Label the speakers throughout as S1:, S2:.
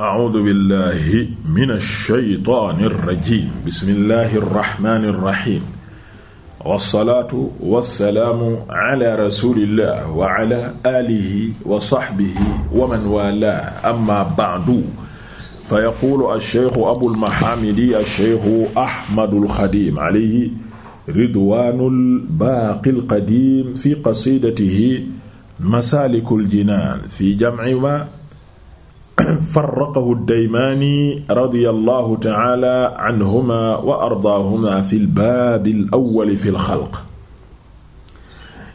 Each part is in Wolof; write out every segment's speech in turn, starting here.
S1: a'uudu billahi mina shaytaani rajiim bismillahi rahmaani rahiim wasalaatu wasalaamu ala rasulillah wa ala alihi wa sahbihi wa man waalaahu amma ba'du fa yaquulu ash-shaykhu abul mahaamidi ash-shaykhu Ahmadul Xadiim alayhi ridwaanul baaqil qadiim fi qasiidatihi masaalikul jinaan fi jam'i maa farraqahu ad-Daymaani radiyallahu ta'ala anhuma wa ardaahuma fil baabil awwal fil xalq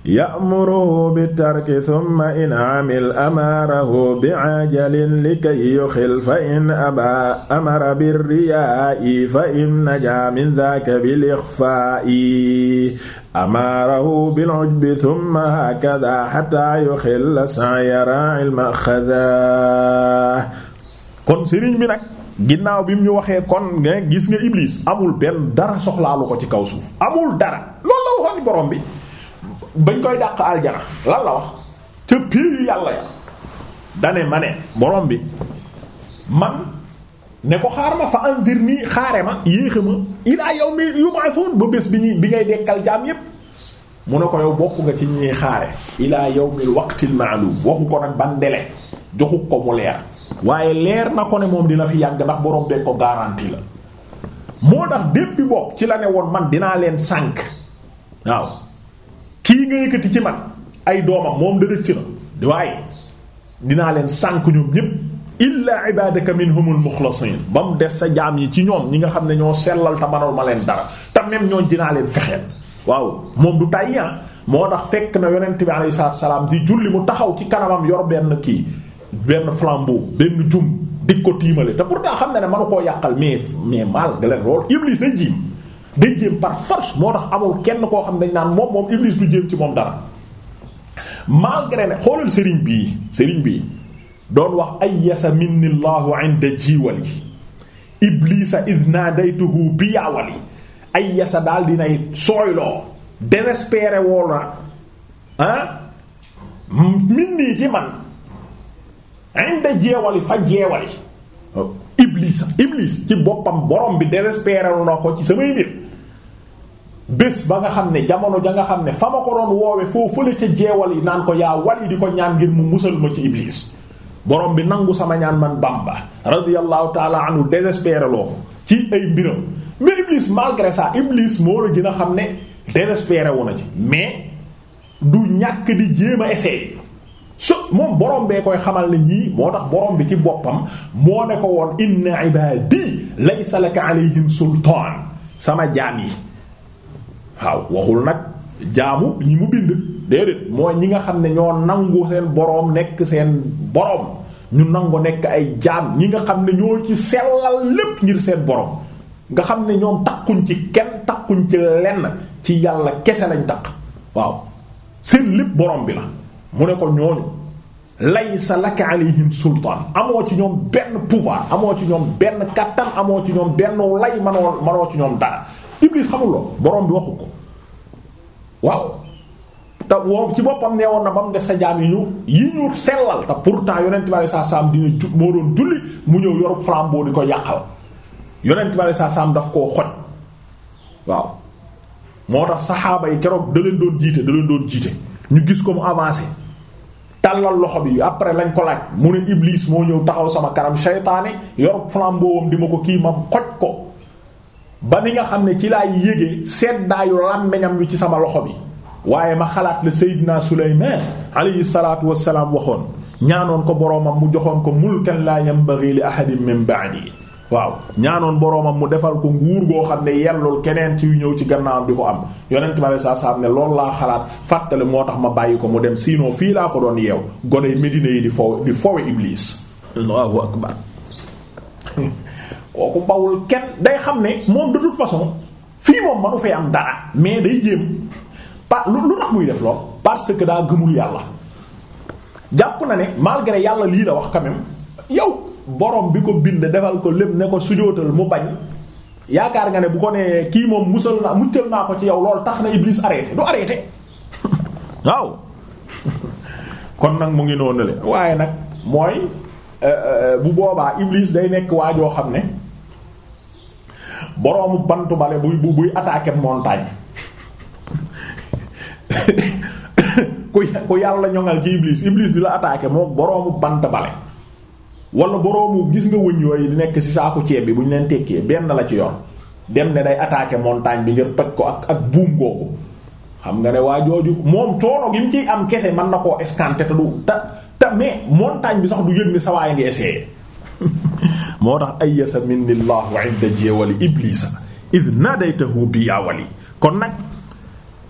S1: ya'muruhu bitarki thumma in amil amaarahu bi'ajalin likay yuxil fa in abaa amara birriyaa'i fa in najaa min dhaaka bil ixfaa'i amaarahu bil'ujbi thumma hakadha hatta yuxilla sa'ya raa'il ma'khadha kon sëriñ bi nag ginnaaw bi mu ñu waxee kon nga gis nga Iblis amul benn dara soxlaalu ko ci kaw suuf amul dara loolu la waxoon borom bi. bañ koy dàq aljana lan la wax ca piir yàlla ya dane ma ne borom bi man ne ko xaar ma fa andir nii xaare ma yéexa ma ilaa yawmi yub'athun ba bés bi ñuy bi ngay dekkal jaam yépp mu ne ko yow bokk nga ci ñuy xaare ilaa yawmil waqtil ma'lum waxu ko nag ban délai joxu ko mu leer waaye leer na ko ne moom dina fi yàgg ndax boroom bee ko garantie la moo tax déppi bopp ci la ne woon man dinaa leen sànk waaw lii nga yëkkati ci man ay doomam moom da ci na waaye dinaa leen sànk ñu ñépp illaa ibadaka minhumul mukhlasin ba mu des sa jaam yi ci ñoom ñi nga xam ne ñoo sellal te manal ma leen dara te même ñooñ dinaa leen fexeel waaw moom du tàyyi ah. moo tax fekk na yonent bi alayhi salaam di julli mu taxaw ci kanamam yor benn kii benn flambeau benn jum di ko tiimale te pourtant xam na ne mënu koo yàqal mais mais malgré loolu Iblis a jiim day jéem par force moo tax amul kenn koo xam ne dañ naan moom moom Iblis du jéem ci moom dara malgré ne xoolal sëriñ bi sëriñ bi doon wax ay yasa minni llahu inda jiwali iblisa id naadaytuhu bi yaawali yasa daal dinay sooyloo désespéré woo na ah ci man inda jeewali fa jeewali iblisa iblis ci boppam borom bi désespéré na ko ci samay mbir bés ba nga xam ne jamono ja nga xam ne fa ma ko doon woowe foofu la ca jeewal yi naan ko yaa wal di ko ñaan ngir mu musal ma ci iblis borom bi nangu sama ñaan man Bamba radiyallahu taala anhu désespéré loo ko ci ay mbiram mais iblis malgré ça iblis a xam ne désespéré wu mais du ñàkk di jéem a essayer su moom borom bee koy xamal ne ñii moo tax borom bi ci boppam moo ne ko woon inna ibadi laysa laka alayhim sultaan sama jaam yi waaw waxul nag jaamu ñi mu bind déedéet mooy ñi nga xam ne ñoo nangu seen boroom nekk seen boroom ñu nangu nekk ay jaam ñi nga xam ne ñoo ci sellal lépp ngir seen boroom nga xam ne ñoom takkuñ ci kenn takkuñ ci lenn ci yàlla kese lañ takk waaw seen lépp boroom bi la mu ne ko ñooñu sa laka alayhim sultaan amoo ci ñoom benn pouvoir amoo ci ñoom benn kàttan amoo ci ñoom benn lay manoo manoo ci ñoom dara Iblis xamul lool bi waxu ko waaw te woo ci boppam nee woon na ba mu des sa jaam yi ñu yi ñu sellal te pourtant yonent bi saa saam dina ju moo doon julli mu ñëw yorub flambeau di ko yàqal yonent bi saa saam daf koo xoj waaw moo tax saxaaba yi keroog da leen doon jiite da leen doon jiite ñu gis ko mu avancé tàllal loxo bi après lañ ko laaj mu ne Iblis moo ñëw taxaw sama kanam seytaane yorub flambeau di ma ko kii ma xoj ko. ba ni nga xam ne ci laay yége seddaayu làmmeñam wi ci sama loxo bi waaye ma xalaat la Seydina Souleymane alayhi salaatu wa salaam waxoon ñaanoon ko boroomam mu joxoon ko mulkan laa yanbaghi li ahadin min ba'di waaw ñaanoon boroomam mu defal ko nguur goo xam ne yellul keneen ci ñëw ci gannaawam di ko am yonent ma saa saa ne lool laa xalaat fàttali moo tax ma bàyyi ko mu dem siinoo fii laa ko doon yeew gone Medina yi di fowe di fowe Iblis. allahu akbar kooku bawul kenn day xam ne moom de façon fii moom manu fay am dara mais day jéem pa lu tax muy def lool parce que daa gëmul yàlla jàpp na ne malgré yàlla lii da wax quand yow borom bi ko bind defal ko lépp ne ko su sujootal mu bañ yaakaar nga ne bu ko nee kii moom musal naa muccal naa ko ci yow loolu tax na Iblis arrêté du arrêté waaw kon nag mu ngi noonu le waaye nag mooy euh, euh, bu boobaa Iblis day nekk waajoo xam ne boroomu bantu bale bu buy attaquer montagne ku ku yàlla ñoŋal ci iblis iblis di la attaquer moo boroomu bant bale wala boroomu gis nga wëñ yooyu di nekk ci saaku ceeb bi bu ñu leen tekkee benn la ci yoon dem ne day attaquer montagne bi ngir toj ko ak ak buum googu xam nga ne waa jooju moom coono gi mu ciy am kese mën na koo escanter te du te te mais montagne bi sax du yëg ne sawaay ngi essayer moo tax ay minnillahu inda jeewali iblisa id kon nag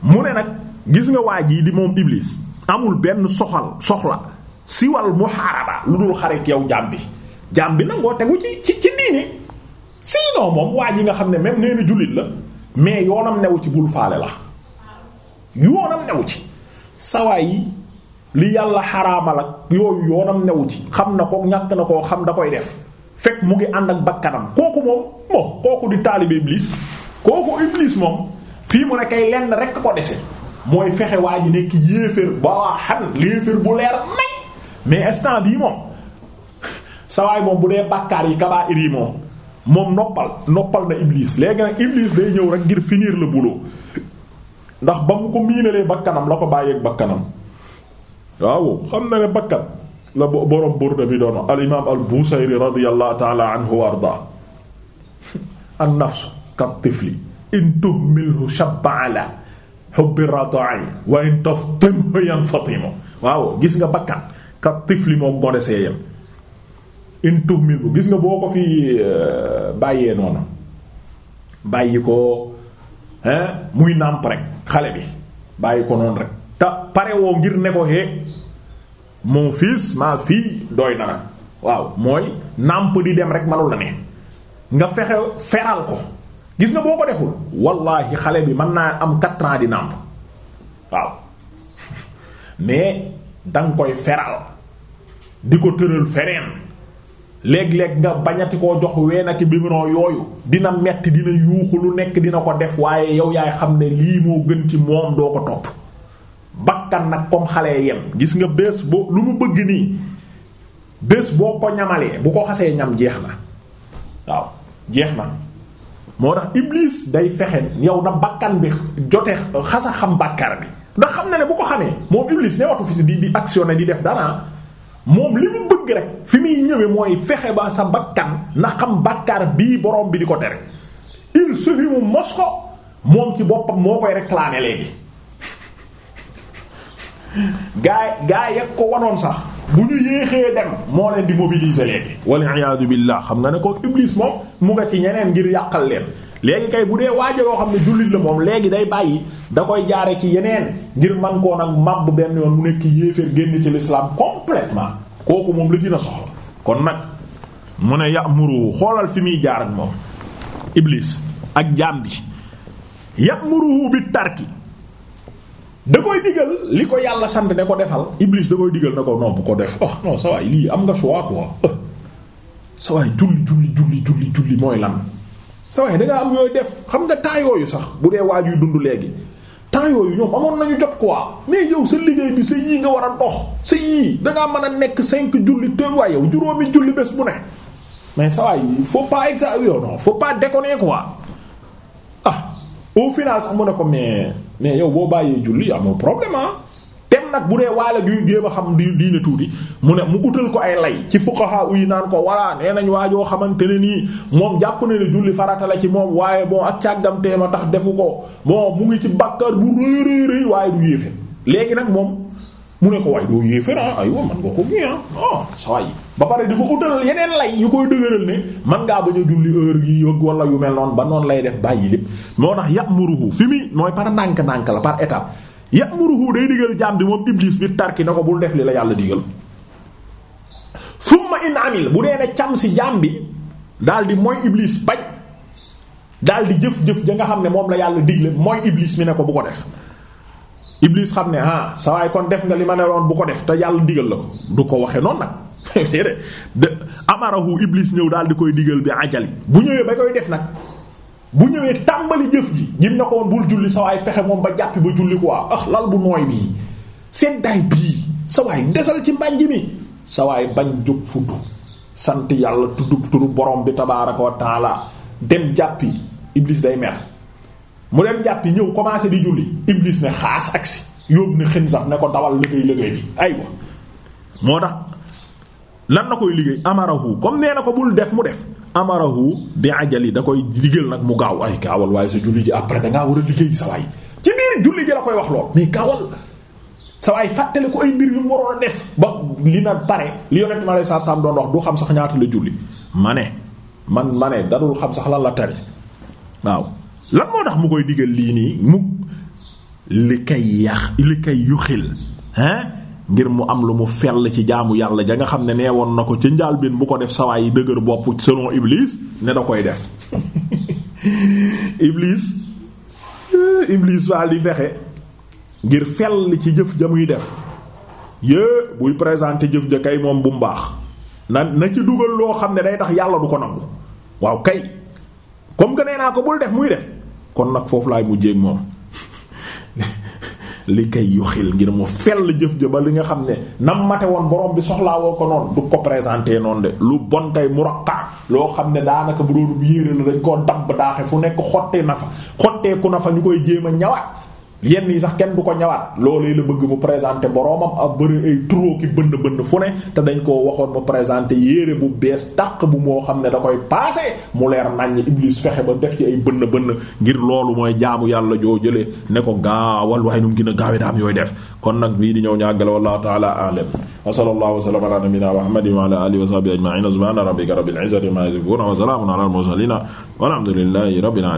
S1: mu ne nag gis nga waa ji di moom iblis amul benn soxal soxla siwal muhaaraba lu dul xarit yow jaam bi jaam bi nangoo tegu ci ci ci diini sinon moom waa ji nga xam ne même nee na jullit la mais yoonam newu ci bul faale la yoonam newu ci sawaay li yàlla xaraamal ak yooyu yoonam newu ci xam na ko ñàkk na koo xam da koy def fekk mu ngi ànd ak bakkanam kooku moom moom kooku di taalibe iblis kooku iblis moom fii mu ne kay lenn rek ko dese mooy fexe waa ji nekk yéeféer bawaa xan yéeféer bu leer may mais instant bii moom sawaay moom bu dee bàkkaar yi kabaa'ir yi moom moom noppal noppal na iblis léegi nag iblis day ñëw rek ngir finir le boulot ndax ba mu ko miinalee bakkanam la ko bàyyeeg bakkanam waaw xam na ne bakkan la borom burda bi doon al imaam al busayri radiyallahu taala wa ardaa an nafsu kat tifli in tuhmilhu shabba ala hubbi rada'i wa in taftimhu yanfatimu waaw gis nga bakkan kat tifli moom gone see in tuhmilhu gis nga boo ko fi eh, bàyyee noonu bàyyi ko hein eh, muy nàmp rek xale bi bàyyi ko noonu rek te pare woo ngir ne ko hee mon fils ma fille doy na waaw mooy nàmp di dem rek manul na ne nga fexe feral ko gis nga boo ko deful wallahi xale bi mën naa am quatre di nàmp waaw mais danga koy feral di ko tëral fereen léeg-léeg nga bañati koo jox ween ak biberon yooyu dina metti dina yuuxu lu nekk dina ko def waaye yow yaay xam ne lii moo gën ci moom doo ko topp bakkan nag comme xale yem gis nga bés boo lu mu bëgg nii bés boo ko ñamalee bu ko xasee ñam jeex na waaw jeex na moo tax iblis day fexe yow na bakkan bi jote xasa xam bàkkaar bi ndax xam na ne bu ko xamee moom iblis ne watu fi si di di actionné di def dara moom li mu bëgg rek fi muy ñëwee mooy fexe ba sa bakkan na xam bàkkaar bii borom bi di ko tere il suffit mu mos ko moom ci boppam moo koy réclamer léegi gaa gaay yeg ko wanoon sax bu ñu yéexee dem moo leen di mobiliser léegi waliyaadu billah xam nga ne ko iblis moom mu nga ci ñeneen ngir yàqal leen léegi kay bu dee waajo yoo xam ne jullit la moom léegi day bàyyi da koy jaare ci yeneen ngir man koo nag màbb benn yoon mu nekk yéeféer génn ci l'islam complètement kooku moom la gën a soxla kon nag mu ne ya'muru xoolal fi muy jaar ak moom iblis ak jaam bi ya'muruhu bit tarki da koy digal li ko yàlla sant ne ko defal Iblis da koy digal na ko non bu ko def ah non sa waay lii am nga choix quoi oh. sa waay julli julli julli julli julli mooy lan. sa waay da ngaa am yooy def xam nga temps yooyu sax bu dee waaj yu dund léegi temps yooyu ñoom amoon nañu jot quoi mais yow sa liggéey bi sa yii nga war a dox sa yii da ngaa mën a nekk cinq julli te waay yow juróomi julli bés bu ne mais sa waay il faut pas exagérer non faut pas déconner quoi ah au final sax ko mais. mais yow boo bàyyee julli amul problème ah tem nag bu dee waala yu géem a xam di diine tuuti mu ne mu utal ko ay lay ci fuqaha yi naan ko walla nee nañ waajoo xamante ne nii moom jàpp na ne julli farata la ci moom waaye moo ak càggamtee ma tax defu ko bon mu ngi ci bàkkaar bu rëy rëy rëy waaye du yéefe léegi nag moom mu ne ko waay doo yéefar ah aywa man nga ko kii ah ah saa yi ba pare di ko utal yeneen lay yu koy dëgëral ne man ngaa bañ a julli heure gi wala yu mel noonu ba noonu lay def bàyyi lépp moo tax ya'muruhu fi mi mooy par ndànk-ndànk la par étape ya'muruhu day digal jaam bi moom iblis bi tarki na ko bul def li la yàlla digal summa in amil bu dee ne cam si jaam bi daal di mooy iblis bañ daal di jëf-jëf ja nga xam ne moom la yàlla digle mooy iblis mi ne ko bu ko def Iblis xam ne ah sa waay kon def nga li ma ne woon bu ko def te yàlla digal la ko du ko waxe noonu nag déedéet de amarahu Iblis ñëw daal di koy digal bi ajali bu ñëwee ba koy def nag bu ñëwee tàmbali jëf ji jim na ko woon bul julli sa fexe moom ba jàppi ba julli quoi ah lal bu nooy bii seddaay bii sa desal ci mbànj mi sawaay waay bañ jóg fudd sant yàlla tudd turu borom bi tabaaraka wa taala dem jàppi Iblis day mer. mu dem jàppi ñëw commencé di julli Iblis ne xaas agsi yóbbu ne xinzab ne ko dawal liggéey liggéey bi aywa moo tax lan na koy liggéey amarahu comme nee na ko bul def mu def amarahu bi yi da koy digal nag mu gaaw ay gaawal waaye sa julli ji après dangaa war a liggéey sa waay ci biir julli ji la koy wax lool mais gaawal sa waay fàttali ko ay mbir yu mu waroon a def ba li na pare li yonent ma lay saa saam doon du xam sax ñaata la julli ma man ma xam sax lan la tari waaw lan moo tax mu koy digal lii nii mu li kay yax li kay yuxil hein ngir mu am lu mu fell ci jaamu yàlla ja nga xam ne nee woon na ko ci njaalbeen bu ko def sawaay yi dëgër bopp selon Iblis ne da koy def Iblis eh, Iblis waa li fexe ngir fell ci jëf ja muy def yée buy présenter jëf ja kay moom bu mu baax na na ci dugal loo xam ne day tax yàlla du ko nangu waaw kay comme que nee naa ko bul def muy def kon nag foofu laay mujjéeg moom li kay yu xil ngir mu fell jëf ja ba li nga xam ne nam mate woon borom bi soxlaawoo ko noonu du ko présenté noonu de lu bon tey muraqqa loo xam ne daanaka bu doon yéere la dañ koo dabb daaxe fu nekk xottee na fa xotteeku na fa ñu koy jéem a ñawaat yenn yi sax kenn du ko ñawaat yi la bëgg mu présenter boroomam ak bëri ay turoo ki bënd fu ne te dañ koo waxoon mu présente yére bu bees tàq bu moo xam ne da koy paase mu leer naññ Iblis fexe ba def ci ay bënn bënn ngir loolu mooy jaamu yàlla joo jëlee ne ko gaawal waaye nu mu gën a daam yooyu def kon nag bii di ñëw ñàggale wallahu ta'ala a'lam wa wa sallama ala nabiyyina muhammadin wa ala alihi wa